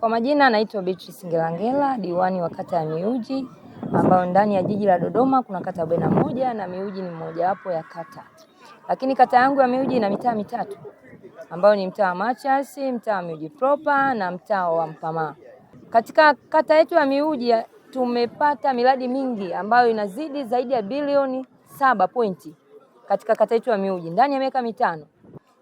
Kwa majina naitwa Beatrice Ngelangela, diwani wa kata ya miuji ambayo ndani ya jiji la Dodoma kuna kata arobaini na moja na Miuji ni mojawapo ya kata. Lakini kata yangu ya miuji ina mitaa mitatu ambayo ni mtaa wa Machasi, mtaa wa Miuji proper na mtaa wa Mpamaa. Katika kata yetu ya miuji tumepata miradi mingi ambayo inazidi zaidi ya bilioni saba pointi katika kata yetu ya miuji ndani ya miaka mitano.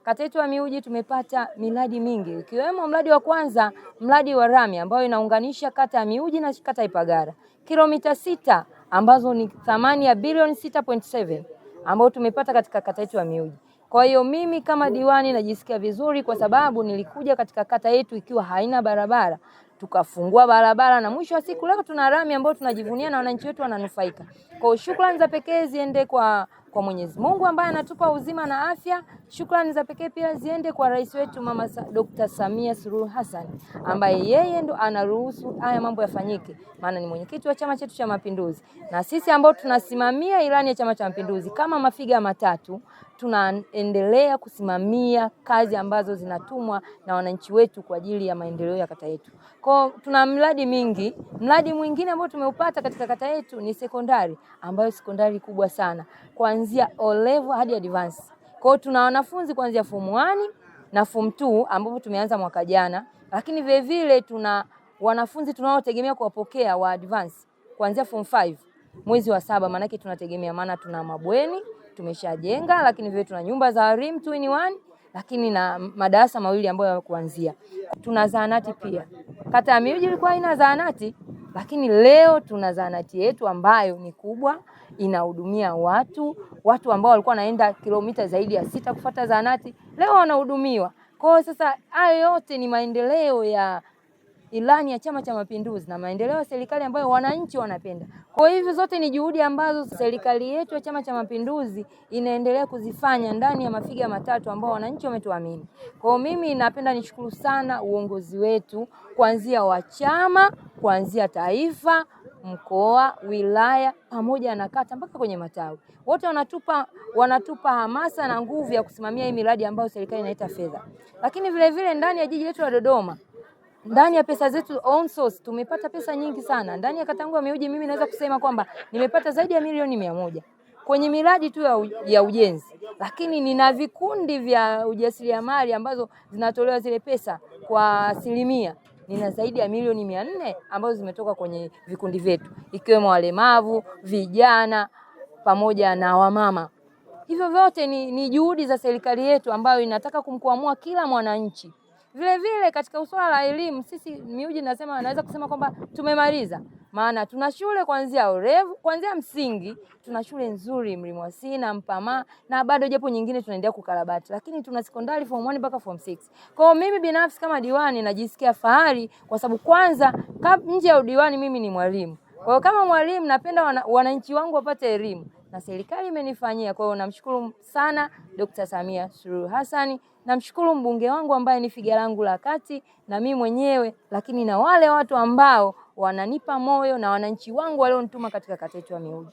Kata yetu ya Miuji tumepata miradi mingi ikiwemo mradi wa kwanza, mradi wa rami ambayo inaunganisha kata ya Miuji na kata Ipagara kilomita sita ambazo ni thamani ya bilioni 6.7 ambayo tumepata katika kata yetu ya Miuji. Kwa hiyo mimi kama diwani najisikia vizuri kwa sababu nilikuja katika kata yetu ikiwa haina barabara tukafungua barabara na mwisho wa siku leo tuna rami ambayo tunajivunia na wananchi wetu wananufaika. Kwa hiyo shukrani za pekee ziende kwa kwa Mwenyezi Mungu ambaye anatupa uzima na afya. Shukrani za pekee pia ziende kwa rais wetu Mama Dr. Samia Suluhu Hassan ambaye yeye ndo anaruhusu haya mambo yafanyike, maana ni mwenyekiti wa chama chetu cha Mapinduzi, na sisi ambao tunasimamia ilani ya Chama cha Mapinduzi kama mafiga matatu tunaendelea kusimamia kazi ambazo zinatumwa na wananchi wetu kwa ajili ya maendeleo ya kata yetu. Kwa tuna mradi mingi. Mradi mwingine ambao tumeupata katika kata yetu ni sekondari, ambayo sekondari kubwa sana kwa kuanzia O level hadi advance. Kwa hiyo tuna wanafunzi kuanzia form 1 na form 2 ambapo tumeanza mwaka jana, lakini vile vile tuna wanafunzi tunaotegemea kuwapokea wa advance kuanzia form 5 mwezi wa saba, maana yake tunategemea, maana tuna mabweni tumeshajenga, lakini vile tuna nyumba za rim 2 in 1 lakini na madarasa mawili ambayo kuanzia. Tuna zahanati pia, kata ya Miyuji ilikuwa ina zahanati, lakini leo tuna zahanati yetu ambayo ni kubwa inahudumia watu, watu ambao walikuwa wanaenda kilomita zaidi ya sita kufata zahanati leo wanahudumiwa. Kwa hiyo sasa, hayo yote ni maendeleo ya ilani ya Chama cha Mapinduzi na maendeleo ya serikali ambayo wananchi wanapenda. Kwa hivyo zote ni juhudi ambazo serikali yetu ya Chama cha Mapinduzi inaendelea kuzifanya ndani ya mafiga matatu ambao wananchi wametuamini. Kwa mimi napenda nishukuru sana uongozi wetu kuanzia wa chama, kuanzia taifa mkoa, wilaya pamoja na kata mpaka kwenye matawi. Wote wanatupa, wanatupa hamasa na nguvu ya kusimamia hii miradi ambayo serikali inaita fedha. Lakini vile vile ndani ya jiji letu la Dodoma, ndani ya pesa zetu own source tumepata pesa nyingi sana. Ndani ya kata yangu ya Miuji mimi naweza kusema kwamba nimepata zaidi ya milioni mia moja kwenye miradi tu ya ujenzi, lakini nina vikundi vya ujasiriamali ambazo zinatolewa zile pesa kwa asilimia nina zaidi ya milioni mia nne ambazo zimetoka kwenye vikundi vyetu ikiwemo walemavu, vijana pamoja na wamama. Hivyo vyote ni, ni juhudi za serikali yetu ambayo inataka kumkwamua kila mwananchi. Vilevile katika suala la elimu, sisi miuji nasema, naweza kusema kwamba tumemaliza maana tuna shule kuanzia urevu, kuanzia msingi tuna shule nzuri Mlimwasi Sina, Mpamaa, na bado japo nyingine tunaendelea kukarabati, lakini tuna sekondari form 1 mpaka form 6. Kwa mimi binafsi kama diwani najisikia fahari kwa sababu kwanza, nje ya udiwani mimi ni mwalimu. Kwa hiyo kama mwalimu napenda wananchi wangu wapate elimu na serikali imenifanyia. Kwa hiyo namshukuru sana Dr. Samia Suluhu Hassan, namshukuru mbunge wangu ambaye ni figa langu la kati na mimi mwenyewe, lakini na wale watu ambao wananipa moyo na wananchi wangu walionituma katika kata yetu ya Meuji.